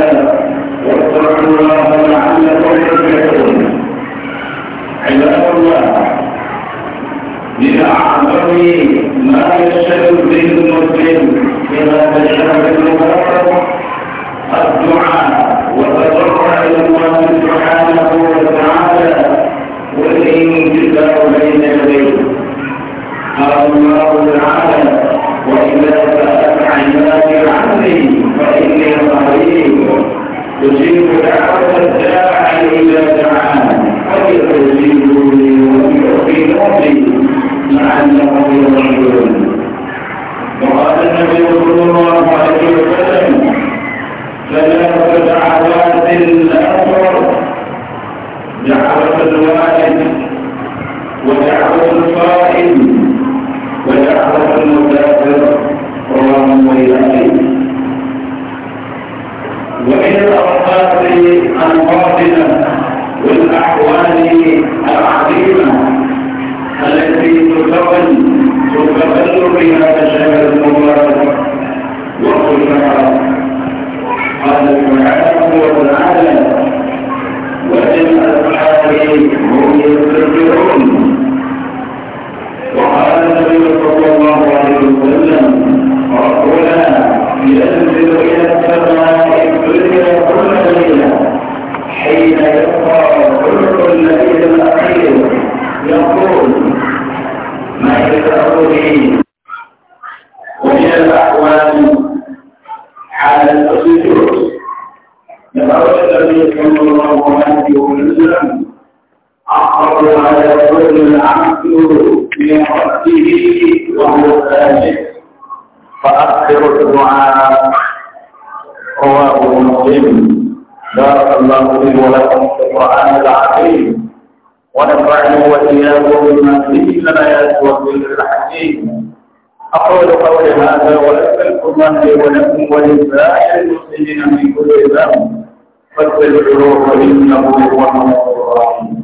تعالى واتقوا الله لعلكم تفلحون الأوقات الباطنة والأحوال العظيمة التي تتقن تتقن بها مشاعر المبارك وكلها قال سبحانه وتعالى رواه مسلم بارك الله لي ولكم في القرآن العظيم ونفعني وإياكم بما فيه من الآيات والذكر الحكيم أقول قولي هذا وأسألكم الله ولكم ولسائر المسلمين من كل ذنب الروح إنه هو الرحيم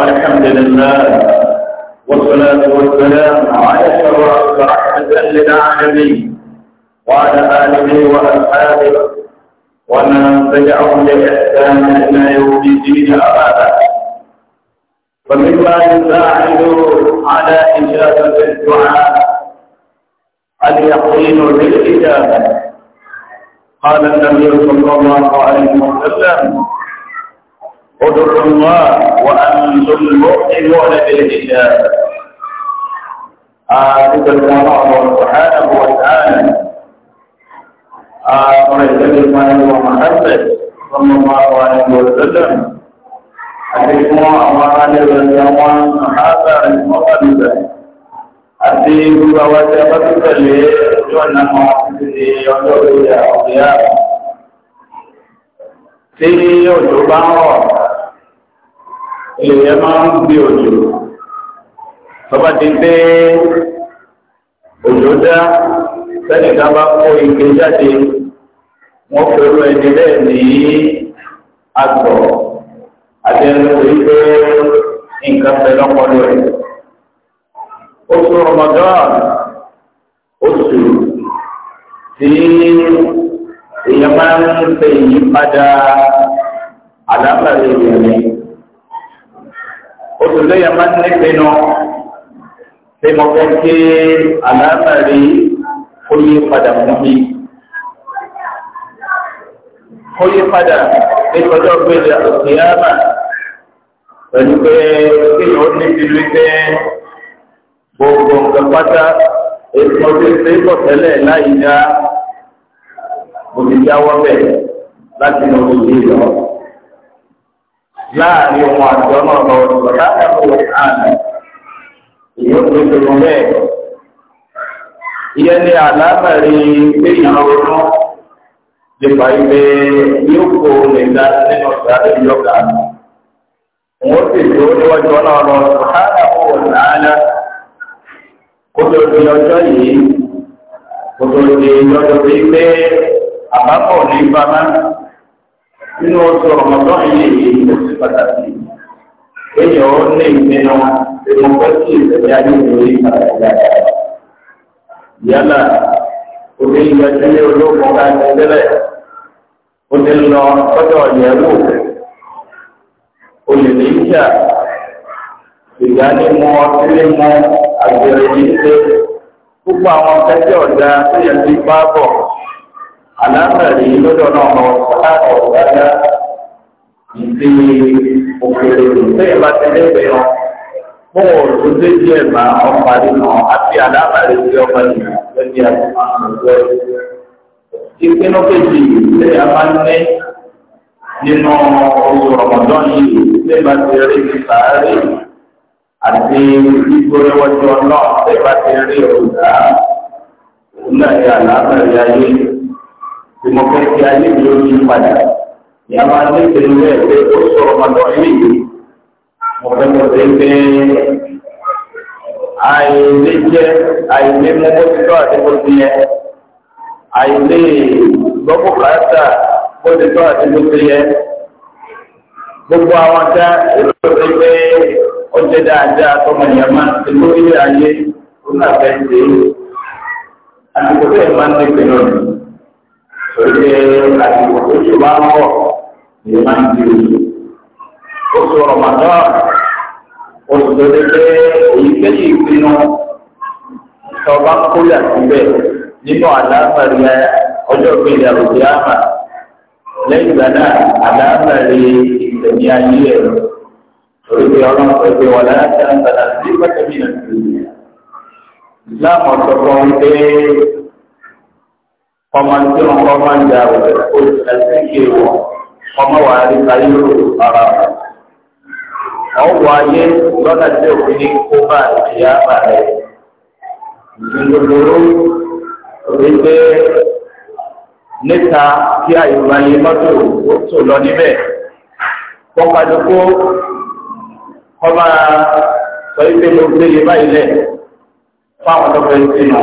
الحمد لله والصلاة والسلام على شرف رحمة للعالمين وعلى آله وأصحابه ومن تبعهم بإحسان إلى يوم الدين أبدا ومما يساعد على إجابة الدعاء اليقين بالإجابة قال النبي صلى الله عليه وسلم ادعوا الله وأنتم المؤمنون بالكتاب أعتقد الله سبحانه وتعالى أعتقد الله ومحمد صلى الله عليه وسلم أتكلم أمامنا بالجوان هذا المقلب أتي بواجبة كله جوانا معصية يوم القيامة tí yóò tó èèyàn máa ń gbé òjò bàbá ti dé òjò dá sẹ́nìkan bá kó ike jáde wọ́n pẹ̀lú ẹni bẹ́ẹ̀ ní àgbọ̀ àtẹnu wípé nǹkan fẹ́ lọ́pọ̀lọ́ rẹ̀. oṣù Ramadan oṣù tí èèyàn máa ń ṣe ìyípadà àlámàlẹ̀ ìrìn oṣù lẹ́yìn máa ń nípinnu pé mo fẹ́ kí àlàáfàrí ó yí padà fún mi. ó yí padà nítorí ọgbẹ́lẹ̀ òkèèyàmà pẹ̀lú pé kéèyàn ó ní ìlú pé gbogbo nǹkan pátá ètò ọdún ṣe é bọ̀ tẹ́lẹ̀ láì dá òṣìṣẹ́ awọ́ bẹ̀ láti lọ sí ìlú lọ láàrin ohun àjọ náà lọ sọ láàrin ohun àná èyí ò ní ṣòro bẹ́ẹ̀. ìyẹn ni àlámẹ̀rí pé ìrọ̀rùn nípa ibi yóò kó lè dá nínú ìgbàlẹ̀ ìjọba. Wọ́n sì tó níwájú náà lọ sọ láàrin ohun àná kó tó di ọjọ́ yìí kó tó di ọjọ́ bíi pé àbábọ̀ ní bàbá nínú oṣù ọmọdún ilé yìí ó ti pàtàkì èèyàn ó ní ìpinnu ìmọ̀ pé kí ìṣẹ̀lẹ̀ ayé ìwé pàtàkì dáadáa. yálà òbí ìgbàsílẹ̀ ológun ká ti tẹ́lẹ̀ ó ti lọ sọ́dọ̀ ìyẹ̀wò olè ní ìjà ìgbà ní mọ ọtí ní mọ àgbèrè yìí ṣe gbogbo àwọn akẹ́kẹ́ ọ̀dà tó yẹ kí bá bọ̀ àlàáfàrí lọ́dọ̀ náà lọ sọ́kàtà ọ̀gáyá ìdí òkèèrè lẹ́yìn bá ti lẹ́gbẹ̀ẹ́ wọn. Mo wọ̀ ló dé díẹ̀ bá ọkọ̀ àdínà àti àlàáfàrí sí ọkọ̀ ìrìn lẹ́bí àtúmọ̀ àgbẹ̀. Ìpinnu kejì lẹ́yìn a máa ń ní nínú oṣù Rọ̀mọ̀dán yìí lẹ́yìn bá ti rí ní sàárè àti gbígbóríwọ́jọ́ náà lẹ́yìn bá ti rí òògùn náà ní àlàáfàrí ayé ìmọ̀fẹ́ ti ayé mi ló ń yí padà ní a máa ní ìpinnu rẹ̀ pé ó sọ ọmọdé eléyìí mo fẹ́ mọ̀ pé pé àìlè jẹ́ àìlè mú bótítọ́ àti bótí yẹ àìlè gbọ́kọ̀ kàtà bótítọ́ àti bótí yẹ gbogbo àwọn tá èrò pé pé ó jẹ́ dáadáa tó mọ̀ ní a máa ti lórí ayé ó nà fẹ́ ṣe àti kò tẹ̀ máa ń ní ìpinnu rẹ̀. Oye àdìgbò tó ṣe bá ń bọ̀ ní máa ń di oṣù. Oṣù Ramadan, oṣù tó lè jẹ́ èyíkéyìí ìpinnu tọba kólà síbẹ̀ nínú àlàáfàrí ọjọ́ ìpínlẹ̀ Àbùdáàmà lẹ́yìn ìgbà náà àlàáfàrí ìtẹ̀mí ayé ẹ̀rọ. Oríṣi ọlọ́pàá ẹgbẹ́ wà láti àǹtàlà sí pàtàkì náà. Láàmú ọ̀sọ̀kan wípé ọmọ tí wọn kọ́ máa ń jà rẹ̀ ó ti ẹ̀sìn kí wọ̀ ọmọ wà rí ayé ló ara rẹ̀. ọ̀wọ́ ayé lọ́nà tí òfin ní kó bá ìyá bá rẹ̀. ìdúró rí pé níta kí àyùmáyé mọ́tò ó tò lọ níbẹ̀. kọ́kadókó kọ́ máa sọ ìpè ló gbé báyìí lẹ̀ fáwọn tó fẹ́ sínú.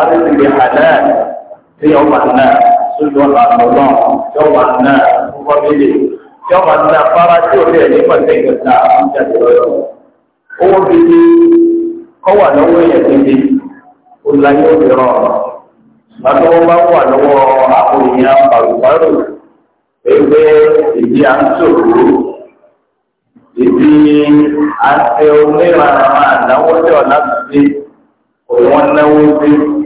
àrùsílẹ̀ àlẹ́ tí yọ wà náà sójú ọ̀nà àtọ̀nà yọ wà náà fúnfọ́ méjì yọ wà náà fara tí ò lè ní pàṣẹ ìgbà ma lọ́yọ̀. owó gidi kọ́ wà lọ́wọ́ èèyàn gidi ó láyé òbí rọrùn. Bàtọ́ wọn bá wà lọ́wọ́ àwọn èèyàn pàrọ̀pàrọ̀ ìdí à ń sòrò ìdí onírànà òun náwó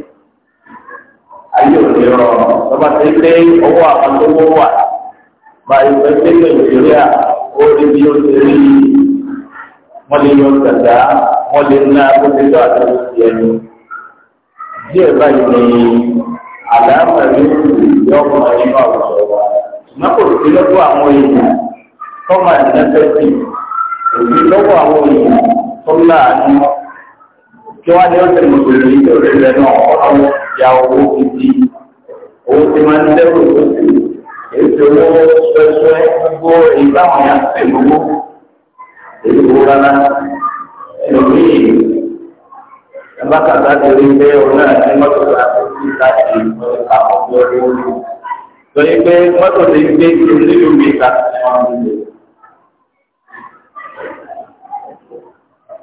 ayé òde rọrùn lọ́ba tó gbé owó àwọn tó wó wà báyìí pé pé nàìjíríà ó rí bí ó ti rí wọ́n lè yọ gàdá wọ́n lè ná gbogbo àti oṣù ẹni. díẹ̀ báyìí ni àdáàmà rí yọ ọmọ nínú àwùjọ wa ṣùgbọ́n kò sí lọ́wọ́ àwọn èèyàn kọ́mà nẹ́fẹ̀ẹ́sì kò sí lọ́wọ́ àwọn èèyàn tó láàánú. kí wọ́n ní ọ̀sẹ̀ mùsùlùmí lórí rẹ̀ náà ọ̀rọ̀ ya owó gidi owó tí máa ń lẹ́rù tó sì èsì owó pẹ́pẹ́ gbogbo ìbáwọn yà pẹ̀ gbogbo èyí wo rárá ẹlòmí ẹbákàtà ti rí pé òun náà ní mọ́tò tó àti sí láti ìfọ̀ọ́ká ọ̀gbọ́n lórí. torí pé mọ́tò ti gbé ti nílùú mi láti wọ́n ń lò.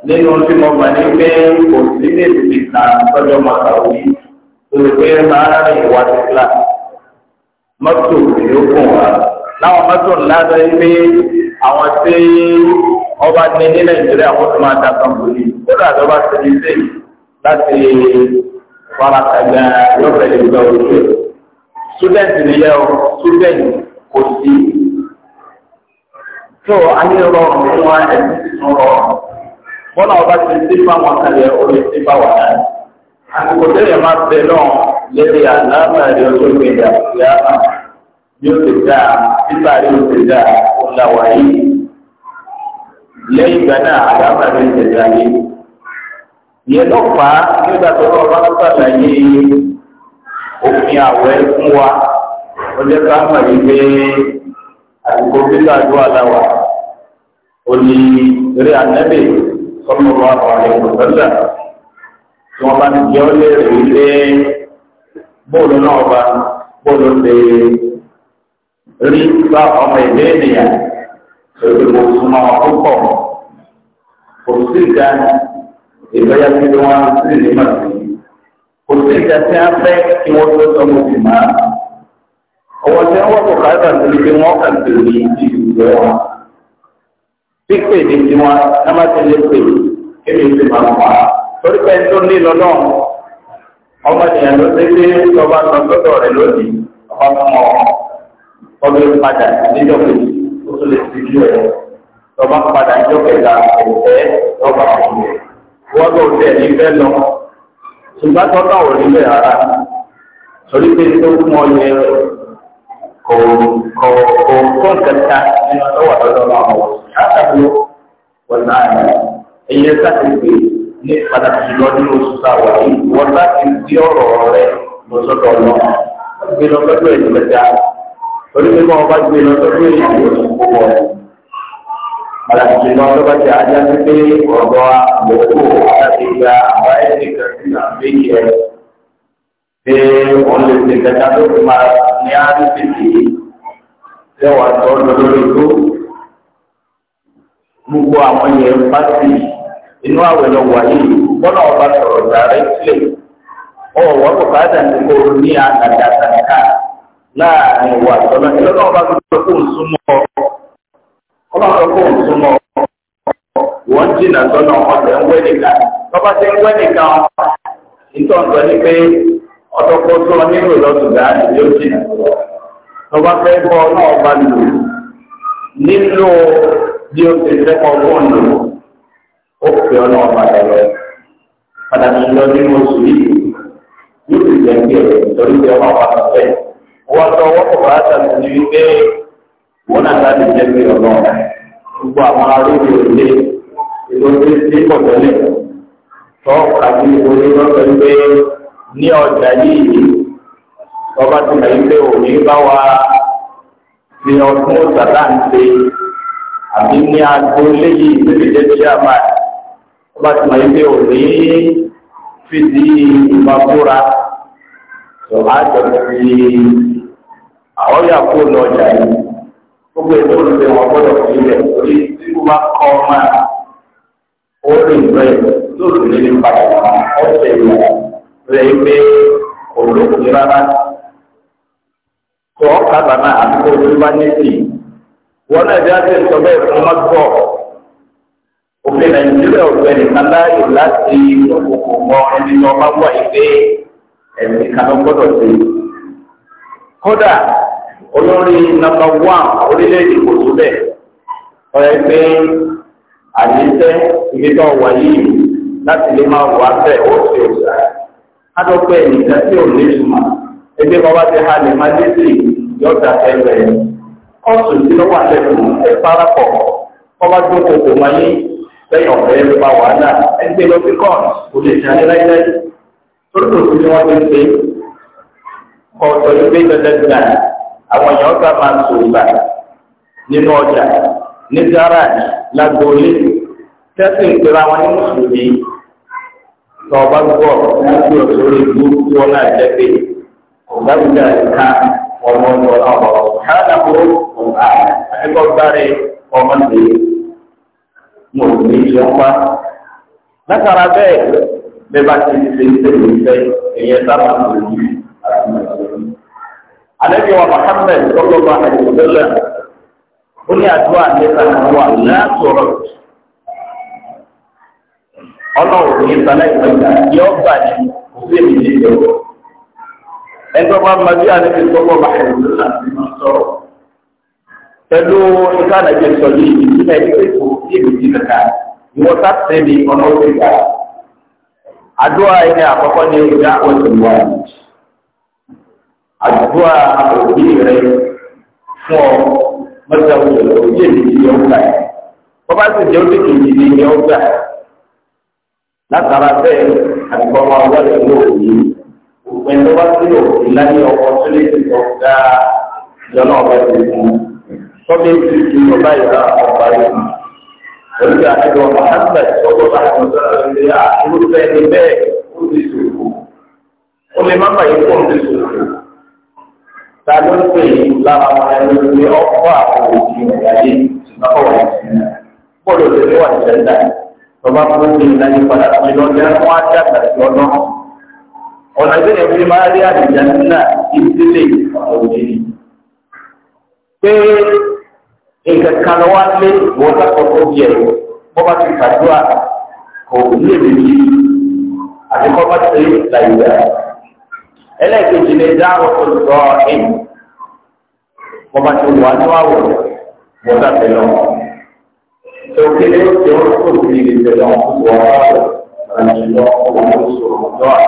nínú tí mo mọ̀ ní pé kò sí lè fi ta tọ́jọ́ mọ̀tà òní tó lè pé máa ń rìn wá sí kílà. mọ́tò yóò kùn wá láwọn mọ́tò ńlá lọ yí pé àwọn tí ọba ní ní nàìjíríà kó tó máa dàgbà wòlí kódà tó bá ti di sí láti fara kàgbà lọ́fẹ̀ẹ́ lè gbà òkè. student nìyẹn o student kò sí. tó ayé rọrùn fún wa ẹ̀sìn tuntun rọrùn bọ́lá ọba ti ṣe fáwọn àkàlẹ̀ orí ṣe fáwọn àná. àsìkò tẹ́lẹ̀ máa bẹ náà lérí àlàáfàárí ọjọ́ ìgbéga ìyá àmà bí ó ti dá bíbá rí ó ti dá ó láwà yìí. lẹ́yìn ìgbà náà àlàáfàárí ó ti dá yìí. ìyẹn ló fà á nígbà tó lọ́ọ́ bá sàlàyé òfin àwẹ̀ fún wa ó jẹ́ ká mọ̀ yìí pé àsìkò bíbá àdúrà láwà ó ní eré ànábì sọ́nà wà wàlẹ̀ ìgbọ̀sọ́lá tí wọ́n bá ti jẹ́ ó lè rí lé bóòlù náà bá bóòlù lè rí bá ọmọ ìlú ènìyàn lórí mo súnmọ́ wọn púpọ̀ kò sí ìdá ìgbéyà tí wọ́n sì ní màsí kò sí ìdá tí wọ́n fẹ́ kí wọ́n tó sọ mo sì máa ọwọ́ tí wọ́n wọ́pọ̀ káyọ̀ àti ibi wọn kà sí ìdí ìgbéyà wọn pípé ní tiwọn náà ti lè pè kémi ti máa wà á torí pé tó ní lọ́nà ọmọ ènìyàn ló ti gbé ọba lọ sọ́dọ̀ rẹ̀ lónìí ọba mọ ọbẹ̀ padà níjọ́ kejì ó tún lè ti ju ẹ̀ lọ́ba padà níjọ́ kẹta ẹ̀fẹ́ lọ́ba ọ̀hún wọ́n lọ tẹ̀ ní fẹ́ lọ ṣùgbọ́n tọ́ka ò nílẹ̀ rárá torí pé tó mọ yẹ kò kò kò kò nǹkan ta nínú ọwọ́ àtọ́jọ́ náà àtàkùn wọ̀nà àná ẹ̀yẹ sàkèké ní pàtàkì jùlọ nínú oṣù sáwà yìí wọ́n bá ti di ọ̀rọ̀ rẹ lọ́sọ̀tọ̀ lọ gbé lọ sọ́dọ̀ èyí mẹ́ta onígbẹ́gbẹ́ wọn bá gbé lọ sọ́dọ̀ èyí oṣù púpọ̀ pàtàkì jùlọ tó bá ti ajá sí pé ọ̀dọ́ àbòkù láti gba àwọn ẹ̀sìn kan sí àbẹ́yẹ pé wọ́n lè ṣe kẹta tó fi gbogbo àwọn yẹn bá sí inú àwẹ̀ lọ wáyé bọ́lá ọba sọ̀rọ̀ dàrẹ́ sílẹ̀ ọ̀wọ́ bùkátà ní kò ní àgàdà àtàkà láàrin ìwà àtọ́lá ní ọlọ́run bá gbọ́dọ̀ ọlọ́run wọ́n jìnnà ń wẹ́ nìkan ti ń wẹ́ nìkan ìtọ́ǹtọ́ ni pé tó jìnnà fẹ́ bọ́ ọlọ́run bá nílò bí ó ti sẹ́kọ̀ọ́ fóònù ó fi ọ̀nà ọ̀padà lọ pàtàkì lọ nínú oṣù yìí yóò sì jẹ́ pé torí pé ọmọ àwọn àtọ̀fẹ́ wọ́n tọ́ wọ́pọ̀ bá tàbí ní wípé wọ́n náà láti jẹ́ pé ọ̀nà gbogbo àwọn arúgbó ilé ìlú tó ti pọ̀ tẹ́lẹ̀ tọ́ àti ìwòye lọ́sọ̀ pé ní ọjà yìí ọba ti mọ̀ wípé òní bá wa ní ọdún ó sàtà àbí ní aago léyìí lórí jẹ́ chairman ó bá ti mọ̀ yí pé ò ní fìdí ìmọ̀kúra tó á jọ fi àwọn yà kó lọ ọjà yìí gbogbo ètò olùgbé wọn gbọ́dọ̀ fi ilẹ̀ torí tí wọ́n bá kọ́ máa ó lè rẹ̀ tó lè lè padà wọn ọ̀sẹ̀ ìwà rẹ̀ pé olókùn rárá tó ọ̀kadà náà àti kó tó bá ní sí i. wọn náà já sí ìsọgbẹ́ ìfọmọ́tò òfin nàìjíríà ọ̀gbẹ́ni kaláyò láti òkòkò mọ ẹni ní ọba wà yìí pé ẹ̀mí gbọ́dọ̀ sí kódà olórí nàmbà wán orílẹ̀-èdè kò ọ̀rẹ́ pé yìí láti lè máa wà ó adọ́pẹ́ ọ̀sùn tí lọ́wọ́ àtẹ̀kùn ẹ parapọ̀ ọba tó kò kò máa yín lẹ́yìn ọ̀fẹ́ nípa wàhálà ẹgbẹ́ lọ sí kọ́ọ̀nù kò lè ṣe aláìláì torí kò sí ni wọ́n ti ń ṣe ọ̀sọ̀ ìgbé dandandan àwọn èèyàn ọ̀gá máa ń sòrò gbà nínú ọjà ní gáràjì lágbóolé tẹ́sí ìpera wọn ní mùsùlùmí tọ́ ọba gbọ́ ọ̀rọ̀ ní ojú ọ̀sọ̀rọ̀ ìlú tí wọ́n náà jẹ́ pé ọ̀gá gbígbà ìka ọmọ ní ọlọ́wọ́ ṣáàdàbò ọ̀gá akẹ́kọ̀ọ́gbáre ọmọ ní mo ní ìṣe ọpá. látara bẹ́ẹ̀ bẹ́ẹ̀ bá ti ṣe ṣe ìfẹ́ ẹ̀yẹ sábà ń lò ní àlejò wa Muhammad sọlọ́gbà ẹ̀dọ́gbẹ́lẹ̀ ó ní àdúrà nípa àwọn àlàáfọ̀rọ̀ ọlọ́run ní ìsàlẹ̀ ìgbàgbà yóò gbà ní òfin ìdíje ọ̀rọ̀ ẹgbẹ́ wa máa bí àlejò gbọ́gbọ́ bá ẹ̀rọ láti máa sọ̀rọ̀ pẹ̀lú ìka àlejò sọ yìí ìdílé ìgbésẹ̀ kò sí èmìtì kàkà ìwọ́n sá tẹ̀lé ọ̀nà òkè gbà. àdúrà ẹni àkọ́kọ́ ní ìdá òsèlú wa àdúrà àkọ́bí rẹ fún ọ mọ́tà òsèlú òbí èmìtì yẹn ó gbà yẹn bọ́bá sì jẹ́ òbí kejì ní yẹn ó látara bẹ́ẹ̀ àtìkọ́ máa wọlé ní gbogbo ẹni tó bá ti lò ìlànà ọkọ tó lè ti lọ dá ìjọba ọba ti fún tọ́bí ti fi ọba ìlà ọba yìí pẹ̀lú àtẹ̀wọ̀ mọ̀hánsẹ̀ tọ́gbọ́ bá ti lọ sọ́dọ̀ ní àtúrúfẹ́ ní bẹ́ẹ̀ ó ti sòfò ó lè má bàyí kó ti sòfò ta ló ń pè é lára wọn ẹni ní ọkọ àwọn òbí ọ̀gá yìí ṣùgbọ́n ọ̀gá yìí bọ́ọ̀lù òṣèlú wà ní sẹ́ńdà tọ́ba fún mi ìlànà ìpadà ọ̀nà tí èèyàn fi máa rí àdìjà nínà ìdílé òjì pé nǹkan kan lọ́wọ́ lé wọ́n lákòókò bí ẹ̀ bọ́ bá ti kàdúrà kò ní èmi yìí àti kọ́ bá ti làyìnbá ẹlẹ́ẹ̀kejì lè dá ọkọ̀ sọ ẹ̀ bọ́ bá ti wà ní àwọ̀ wọ́n láti lọ. Tòkèlè ó ti rọ́pò sí ìgbésẹ̀ lọ́wọ́ wọ́n wọ́n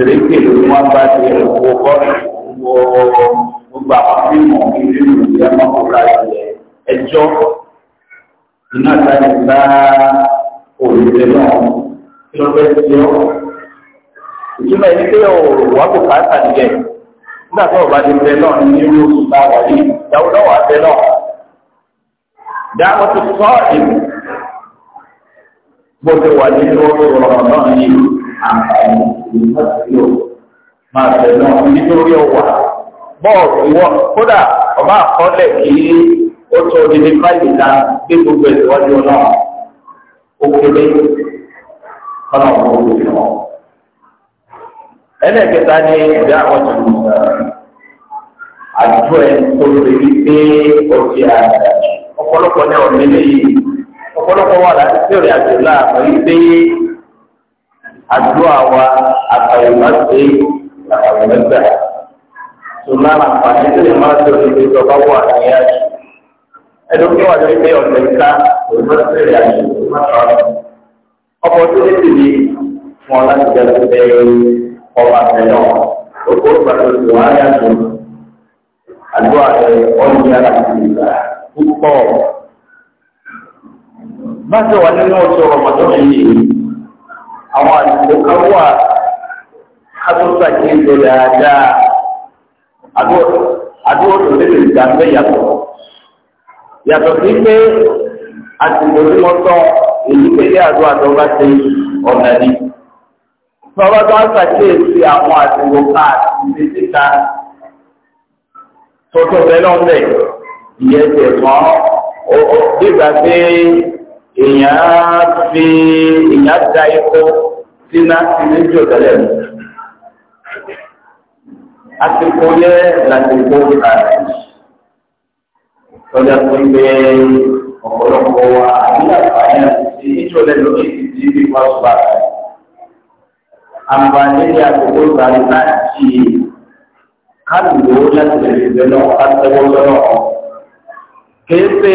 ìrèké ló ní wọn bá ti owó bọ́ọ̀lù owó gbogbo àwọn fíìmù ilé ìròyìn ẹmọkùnrin àti ẹjọ́ iná ìtajà bá òrìṣẹ́ náà kí ló fẹ́ ṣe ọ́. ìtumọ̀ ẹni pé òwà kò ká sàdíjẹ́ nígbà tó ọba ti bẹ náà ní irú oṣù tá a wà yìí ìyàwó náà wà bẹ náà. dáhùn ti sọ ìlú bó ti wà nínú oṣù rọ̀mọ̀dán yìí àǹfààní ìlú sí o máa tẹ̀lé wọn nítorí ọwà bọ́ọ̀lù ìwọ kódà ọba àkọọ́lẹ̀ kí ó tó odidi fáìlì ta gbé gbogbo ìwọ́jú náà ó kéré kọ́nà ọ̀gbọ́n òkú fi hàn. ẹlẹ́ẹ̀kẹta ni ìdá àwọn tó ń àdúgbò ẹ̀ tó lè rí pé òkè àgbà ọ̀pọ̀lọpọ̀ ní ọ̀rẹ́ lẹ́yìn ọ̀pọ̀lọpọ̀ wà láti tí òrìn àjò láàbọ̀ pé àdúrà wa àtàwùmọ́sí àtàwùmọ́sà. Sùnà àǹfààní tó lè máa tó ní pé ìjọba wà ní àjò. Ẹnu kí wà lórí pé ọ̀sẹ̀ ká òmọ́sí rẹ̀ àjò òmọ́sọ̀rọ̀. Ọmọ tó ní ti di fún ọ láti jẹ́ a àwọn àsìkò kan wà kátólíkà kì í lò dáadáa àdúrà tó lè gbà pé yàtọ̀ yàtọ̀ sí pé àsìkò tí wọ́n tọ́ èyí kéde àdúrà tó ṣe ọ̀nà ni. Sọ́wọ́ tó ń ṣàkíyèsí àwọn àsìkò kan àti síta tó tó bẹ́ẹ̀ lọ́nbẹ̀ ìyẹn tẹ̀ wọ́n ó dìgbà pé èèyàn fi èèyàn da epo síná sí méjì ọ̀tẹ́lẹ̀ mi. Àsìkò yẹ lásìkò ààrẹ. Lọ́jà tó ń gbé ọ̀pọ̀lọpọ̀ wa àbílàpá yẹn sí ìjọlẹ̀ lórí ìdí bí wọ́n sọ ààrẹ. Àǹfààní ní àkókò ìgbàlè láti kálùwò láti lè fi bẹ́ẹ̀ náà ká tẹ́wọ́ lọ́nà. Kèé pé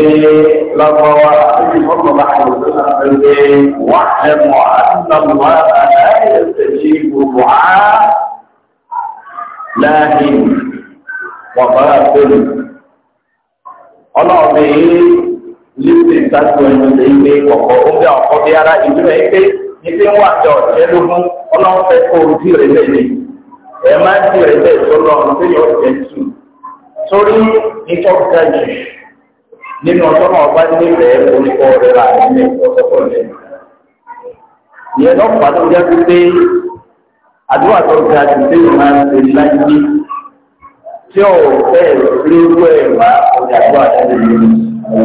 ni lọ́gbọ́wọ́ àti mọ́kànlá àìsàn àti wọ́n ẹ̀mọ̀ àtúnlọ́gbọ́ àtàlẹ́yẹsẹ̀ sí gbogbo á láàrin wọ̀bára tóbi. ọlọ́ọ̀bẹ yìí lílì ìtàkù ẹnu lè gbé ọ̀pọ̀ oúnjẹ ọ̀pọ̀ bí ara ìlú ẹ̀ pé ní pé wà jọ ọlọ́ọ̀fẹ́ rẹ̀ lẹ́yìn ẹ̀ máa rẹ̀ lẹ́yìn tó tù sórí nínú ọjọ́ náà bá nífẹ̀ẹ́ orúkọ rẹ̀ rà nílẹ̀ ọ̀sọ́kọ̀ rẹ̀. ìyẹn náà pàtó jẹ́ pípé àdúrà tó ga jù pé ìmọ̀ ṣe láyé tí ò fẹ́ léwọ́ ẹ̀ má ọjà tó àṣẹ lè lò.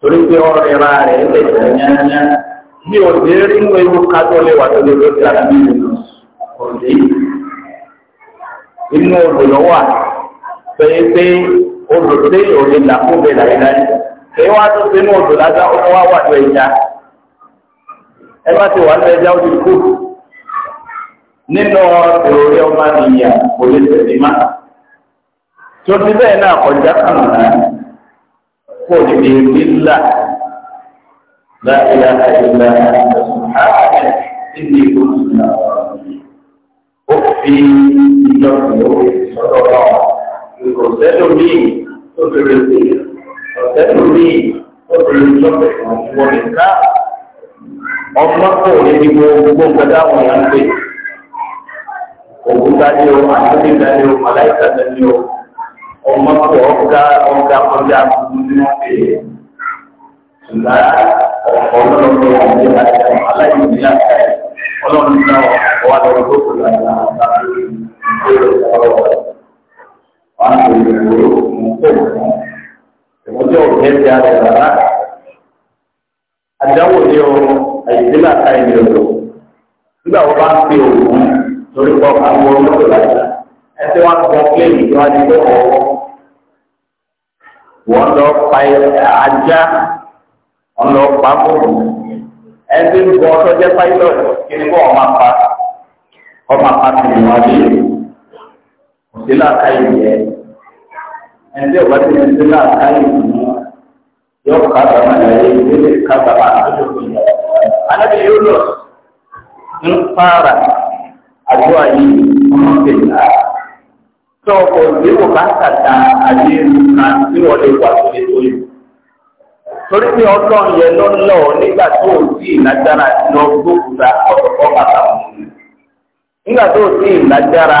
torí pé ọ̀rẹ́ ra rẹ̀ lè tẹ̀ yányá mi ò dé rí inú ewu kájọ́ lè wà tó lè lọ sí àdúgbò ìlú òde inú olùlọ́wà pé pé odò tó yẹ òye là kó bẹ láyé láyé èyí wá tó ṣe ní odò lásán ó wá wà ní ẹja ẹ bá ti wà ní ẹja ó ti kú nínú ìròyìn ọmọ nìyàn kò lè tẹ̀lé má tó ti bẹ́ẹ̀ náà kọjá kàmù náà kò lè lè rí là láìlá àìlá àìlá ìdí ìgbóhùn náà ó fi ìjọba ìlú sọ́dọ̀ náà kò sẹ́lómìn obìnrin sí ọ̀tẹ́ tó ní obìnrin lọ́pẹ̀ wọn nìka ọmọ kò ní ní gbogbo nǹkan táwọn yà ń pè òkúta ní o àtúndínlá ní o màláìka ní o ọmọ kò ọ̀gá ọ̀gá kọjá gbogbo ní wọn pè é ṣùgbọ́n ọ̀pọ̀lọpọ̀ ọ̀gá àti aláìní ní àṣà ọlọ́run náà wà lọ́wọ́ tó kù láti àwọn àgbà tó ń gbé ọ̀rọ̀ ọ̀rọ̀. wàá tó ìwé ni o, àyèdè làkà ọ̀dọ̀. Nígbà wo bá ń pe òògùn lórí pọ̀ àwọn olóòtú láti ẹsẹ̀ wá sọ pé ìjọba ti ọ̀wọ́. Wọ́n lọ pa ajá, wọ́n lọ pa bóòlù. Ẹsẹ̀ ń bọ́ ọtọ́jẹ́ pilot kí ni kó ọmọ òṣèlú àkáyè yẹ ẹni ọba ti ní òṣèlú àkáyè mú yọ kábà máa yẹ ìdílé kábà máa tójú fún yẹ alábi yóò lọ ń fara àjọ ayé ọmọdé náà tó o kò sí kò bá kàtà àyè nǹkan tí wọn lè wà tó lè tó yẹ torí pé ọlọ́run yẹn ló lọ nígbà tó o sì lágbára lọ gbókùtà ọ̀pọ̀ bàtà fún nígbà tó o sì lágbára.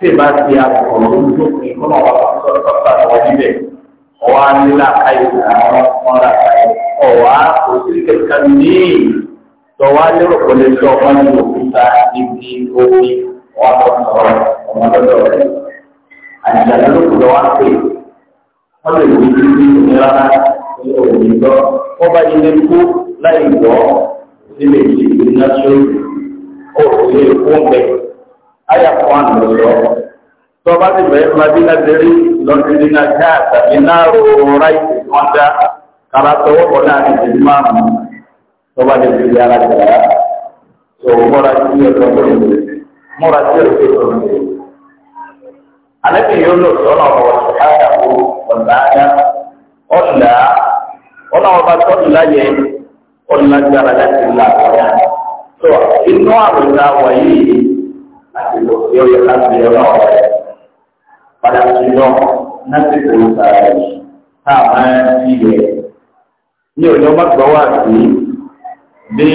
tí ìbá ti àkọ́kọ́ lórí lópin kó náà wà lọ́sọ̀ lọ́sọ̀ àwọn níbẹ̀ ọ̀wá nílà káyì àwọn ọ̀rà káyì ọ̀wá òsì kẹta míì tọ́wá lérò kò lè sọ wọn ní òkúta ibi omi wọn lọ sọ̀rọ̀ ọmọdọ́dọ̀ rẹ̀ àjàdá ló kù lọ́wọ́ pé wọ́n lè wí sí sí ìnira ní òní lọ wọ́n bá ilé kú láì gbọ́ sílẹ̀ ìṣèlú náà ṣe lè kú bẹ́ẹ̀ àyà kan wà lọ sọ tó bá ti bẹ̀rẹ̀ madina dérí lọ́dúnrún náà ká àtàbí náà rọrùn ráìtì wọn dá kára tọwọ́ bọ̀ náà ní so máa mú tó bá ti bẹ̀rẹ̀ ara jà á tó múra sí ọ̀dọ́ tó lè múra sí ọ̀dọ́ tó lè. alẹ́ kì yóò lọ sọ́nà ọ̀rọ̀ ṣáàyà wo ọ̀nà ọ̀nà ọ̀nà ọba tó ń láyé ọ̀nà gbára láti là ọ̀yà. tó inú àwòrán wọ̀nyí láti lò pé ó yẹ láti ọ̀nà ọ̀rẹ́ padà sí lọ láti kò sàrà tá a máa ń fi rẹ̀. ní ọjọ́ mọ́tò wà sí bí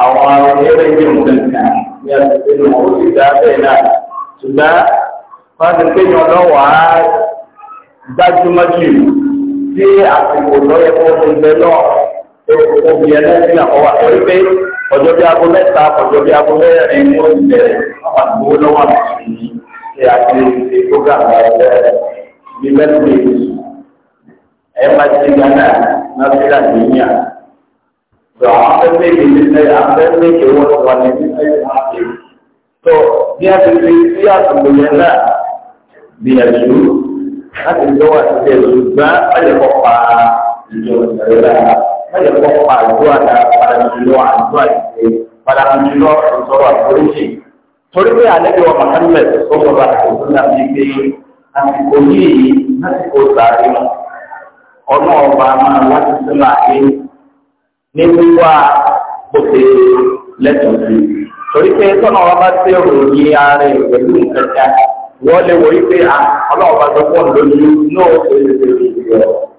àwọn ẹgbẹ́ ìgbẹ́ òǹkà ní àtúnṣe ní wọn ó sì dá bẹ́ẹ̀ náà ṣùgbọ́n fáṣí kéèyàn lọ́wọ́ á gbájúmọ́jú sí àsìkò lọ́yẹ̀kọ́ tó ń bẹ náà tó kò fi ẹlẹ́sìn àkọ́wà torí pé ọjọ́ bí aago mẹ́ta ọjọ́ bí aago mẹ́rin ni ó ti bẹ̀rẹ̀ àwọn àgbò lọ́wọ́ àti ṣe àkíyèsí program ẹ̀rẹ́ bí mẹ́tìrì ẹ̀ máa ti gánà nàfíà nìyà. Sọ afẹ́fẹ́ ìdílé sẹ́yìn afẹ́fẹ́ ìwọ́n ti wà ní ìdílé ìwádìí. Sọ bí a ti fi sí àtúntò yẹn náà gbìyànjú láti lọ́wọ́ àti ṣe ìṣùgbọ́n ọ̀lẹ́kọ̀ọ́ pa ìjọ ìṣẹ̀lẹ̀ náà mẹ́jọ kọ́ pa àjọ àdá padà jùlọ àjọ àìsè padà jùlọ ìṣòro àforíṣì. torí pé àlejò ọmọ hamlet tó ń lọ àkókò náà bíi pé àsìkò yìí lásìkò sàárè mọ́ ọ̀nà ọba máa láti sínú àyè ní wíwá bóṣe lẹ́tọ̀ọ́ sí. torí pé tọ́nà ọba ṣe ròyìn ara ẹ̀ pẹ̀lú nǹkan kan wọ́n lè wọ ipe ọlọ́ọ̀bá tó pọ̀ lójú náà ó ṣe é ṣe é ṣe é ṣe é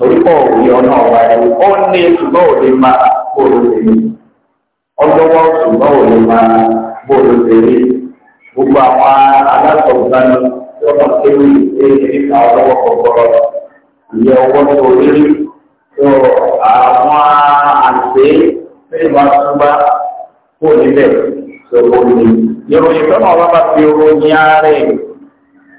torí pọ̀ òye ọ̀nà ọ̀wà ẹ̀rù ó ní ṣùgbọ́n òde máa bòrò tèmi ọlọ́wọ́ ṣùgbọ́n òde máa bòrò tèmi gbogbo àwọn alásọ̀gbọ́n lọ́nà kéwì ṣe nípa ọlọ́wọ́ kọ̀ọ̀kọ̀rọ̀ ìyẹn ọwọ́ tó rí tó àwọn àṣẹ fẹ́ẹ́ máa túbá kó níbẹ̀ tó kó ní. ìròyìn tó náà wá bá fi orin yára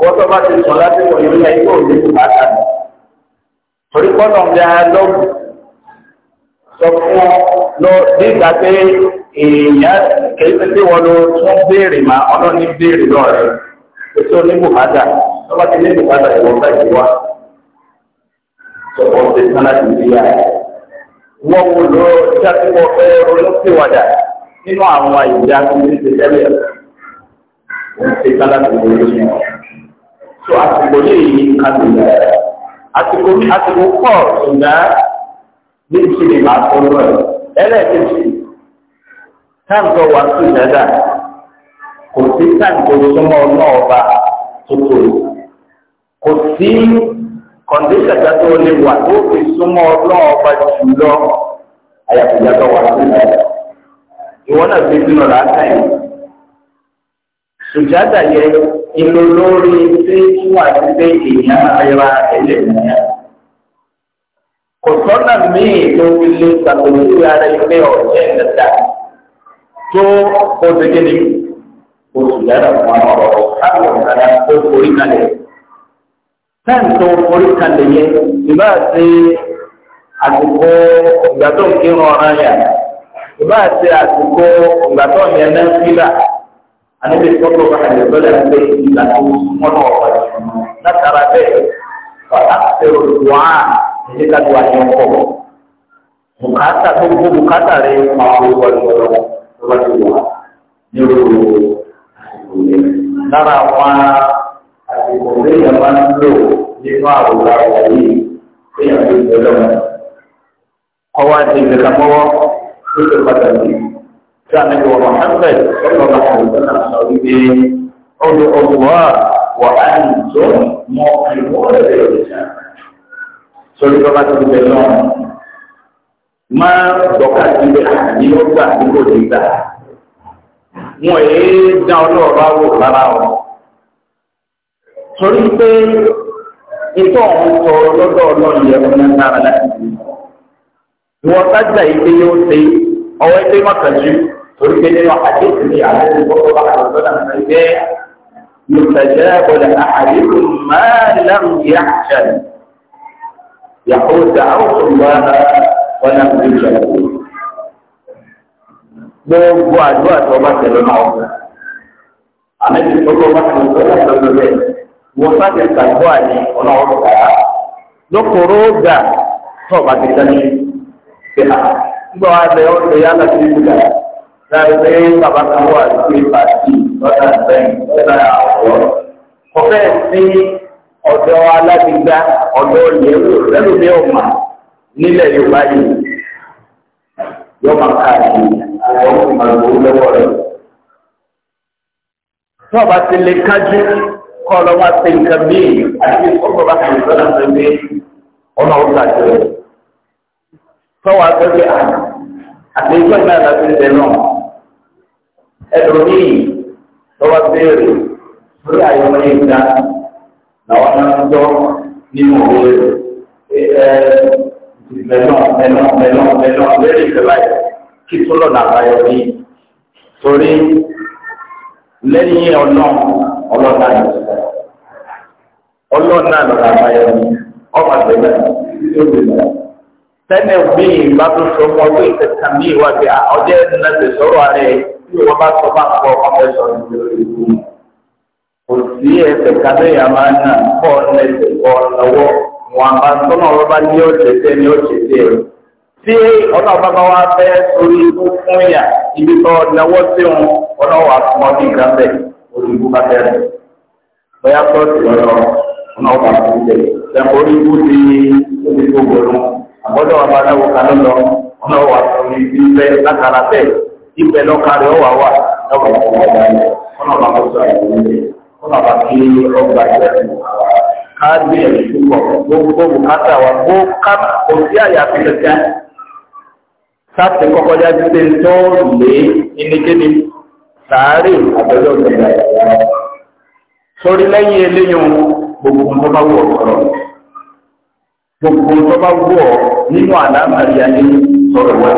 wọ́n tó bá ti sọ láti wọ̀ ní ilé yóò ní kò bá ta torí kọ́nà ń bẹ lọ́wọ́ sọ fún ọ lọ pé èèyàn kìí wọn ló tún béèrè mà ọlọ́ ní béèrè lọ́rẹ̀ ètò oníbùkátà tó bá ti ní bùkátà ìwọ̀n bá tán láti wọ́n lọ fẹ́ olóṣèwádà nínú àwọn tó ń ṣe tẹ́lẹ̀ tán láti tó àsìkò yìí kàdùnà àsìkò àsìkò pọ̀ ṣùgbọ́n ní ìṣẹ̀lẹ̀ máa tó lọ ẹlẹ́ẹ̀kejì táǹkọ̀ wà sí ìdájà kò sí táǹkọ̀ ọba kò sí tó lè wà tó fi súnmọ́ ọba àyàfìyàtọ̀ wà sí sùjádà yẹ ìlò lórí pé kí wà ní pé èèyàn ara ẹlẹ́ nìyà. kò sọ́nà míì tó fi lè ṣàkóso ara ilé ọ̀jẹ́ ìdẹ́ta tó kọ́sẹ́gẹ́lì kò sùjádà fún àwọn ọ̀rọ̀ káwọn ọ̀gára tó forí kalẹ̀. táìmù tó forí kalẹ̀ yẹ ìbá ṣe àsìkò ìgbà tó ń kírun ọ̀ràn yà ìbá ṣe àsìkò ìgbà tó ń yẹn náà fílà àníbi ìfọ́tò káàdì lọ́lẹ̀ pé ìlànà mọ́nà ọ̀pá yìí látara bẹ́ẹ̀ wà á fẹ́ olùwà ní kájú àjọ pọ̀ bùkátà tó gbó bùkátà rẹ̀ máa wọ ìwọlọ́wọ́ lọ́wọ́ ti wà nírú àsìkò yẹn lára àwọn àsìkò lẹ́yìn máa ń lò nínú àwòrán ọ̀wọ̀ yìí lẹ́yìn àti ìgbẹ́lẹ́wọ̀n ọwọ́ àti ìgbẹ́lẹ́wọ́ ló ṣe pàtàkì tí a ní wọ Muhammad ọlọ́run àwùjọ náà sọ wípé ọdún ọgbọ́n wà á ní tó mọ ìwọ́n rẹ̀ lọ́jà. sórí bàbá tó ti bẹ̀ náà máa dọ̀ka síbẹ̀ àní ó gbà ní kò ní gbà. wọn èé dá ọlọ́run àwò rárá o. pé ètò ọ̀hún sọ lọ́dọ̀ ọlọ́run yẹn fún náà láti bí. wọ́n sájà ìgbé yóò ṣe ọwọ́ ẹgbẹ́ mọ̀kànjú torí pé nínú àdéhùn ní àdéhùn gbọ́dọ̀ bá àwọn ọ̀dọ́ náà ń gbé yòtẹ̀jẹ́ ọ̀dà àdéhùn máa lẹ́rù yá jẹ̀lì yàtọ̀ dàrú ọ̀gbà ọ̀nà ìjọ gbogbo àdúrà tó bá tẹ̀lé náà ọ̀gbà àmì ìfowópamọ́ bá tẹ̀lé tó bá tẹ̀lé bẹ́ẹ̀ wọ́n sábẹ̀ gbàgbọ́ àyè ọ̀nà ọ̀gbà lókòrò gbà tó bá ti dání pé àná nígbà wà lẹ ó lè yálà sí ìgbà láì pé bàbá kan wà sí pàtì lọ́dà bẹ́ẹ̀ lọ́dà àwọ̀ kọfẹ́ sí ọ̀dọ́ alágbègbà ọ̀dọ́ ìyẹ́wò lẹ́nu mi ò mà nílẹ̀ Yorùbá yìí yóò máa káàkiri àwọn ìmọ̀lẹ́wò lọ́wọ́ rẹ̀. tí wọ́n bá ti lè kájú kọ́ ọ lọ́wọ́ àti nǹkan bíi àti ìfọ́nbọ̀n bá kàn ń sọ́dọ̀ sí ọmọ ọ̀gá jẹ́ tọ́wọ́ agbẹ́gbẹ́ àná àti ìjọ náà láti ń bẹ náà ẹlòmíì tọ́wọ́ béèrè lórí àyọ̀mọ́ yìí dá làwọn máa ń jọ nínú òwe ẹ mẹ́nà mẹ́nà mẹ́nà mẹ́nà lórí ìfẹ́lá yìí kí tó lọ́nà àbáyọ ní torí lẹ́yìn ọ̀nà ọlọ́nà yìí ọlọ́nà lọ́nà àbáyọ ní ọmọ àgbẹ̀gbẹ̀ tó gbẹ̀gbẹ̀ tẹ́lẹ̀ bíi bá tó sọ fún ọdún ìtẹ̀sán bíi wá bí ọjọ́ ẹ̀dùn náà ti sọ̀rọ̀ rẹ̀ tí wọ́n bá sọ máa ń kọ́ ọmọ ẹ̀sọ́ nítorí ikú. kò sí ẹsẹ̀ kábẹ́yà máa ń nà kọ́ ẹsẹ̀ kọ́ lọ́wọ́ wọn bá sọ́nà ọlọ́ba ní ọ̀sẹ̀ tẹ́ ní ọ̀sẹ̀ tẹ́ ẹ̀. tí ọlọ́ba bá wá fẹ́ sórí ikú fún yà ibi tó lọ́wọ́ sí wọn ọlọ́wà fún ọ ní ìgbàgbẹ́ olùkú bá bẹ̀rẹ̀ bóyá tó ti lọ́ àbọ̀dọ̀ ọba náà wò kánú lọ wọn náà wà sọ ní ibẹ̀ látara bẹ́ẹ̀ ibẹ̀ lọ́kàrẹ̀ ọ̀wà wà lọ́kọ̀ ọ̀wà wà yẹn wọn náà bá kó lẹ́yìn eléyìn gbogbo nǹkan bá wù ọ̀rọ̀ gbogbo tọ́ba wọ̀ nínú àlámàrí ayé sọ̀rọ̀ wá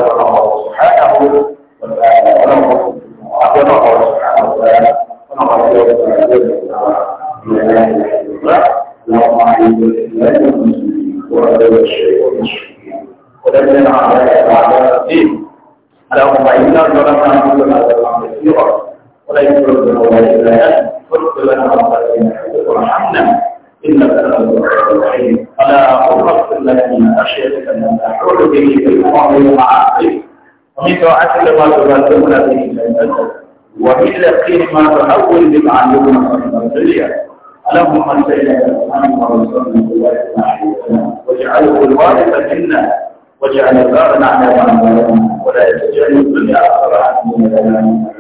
ولكن على الدين على ما إلا ظلمنا كلنا ظلما كثيرا ولا يكرهنا ولا إلا أن تدخل لنا ربنا ورحمنا إلا الأمر الرحيم فلا أغفر لك من أشهد أن أحول به في المعامل والمعاصي ومن دعاك لما تبادلون به من ومن لقين ما تحول بمعلومة من الدنيا اللهم صل على محمد وسلم واجعله الوارث منا واجعل ثارنا على من ولا تجعل الدنيا من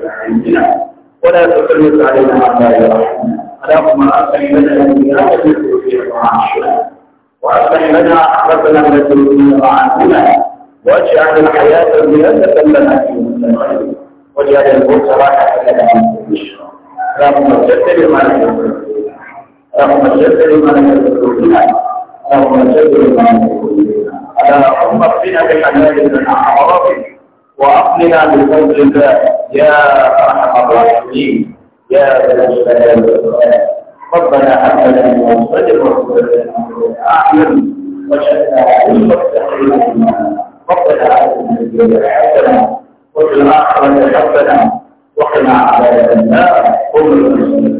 عنا ولا تفرط علينا ما لا يرحمنا أحسنهما أستحملها بهذا الذكر وعاشرا وأستحملها أحبتنا من الذكر وعاشرا واجعل الحياة زيادة لنا في مستقبلنا واجعل الموت راحة لنا في بشرى اللهم جد لما لا اللهم جد لما لا اللهم جد لما لا اللهم اغفنا بحلالنا من حرامنا واقننا بفضل الله يا ارحم الراحمين يا ربنا عملا وصدر أعلم وشأنا المستقيم ربنا عملا حسنا وفي الآخرة حسنا وقنا عذاب النار قل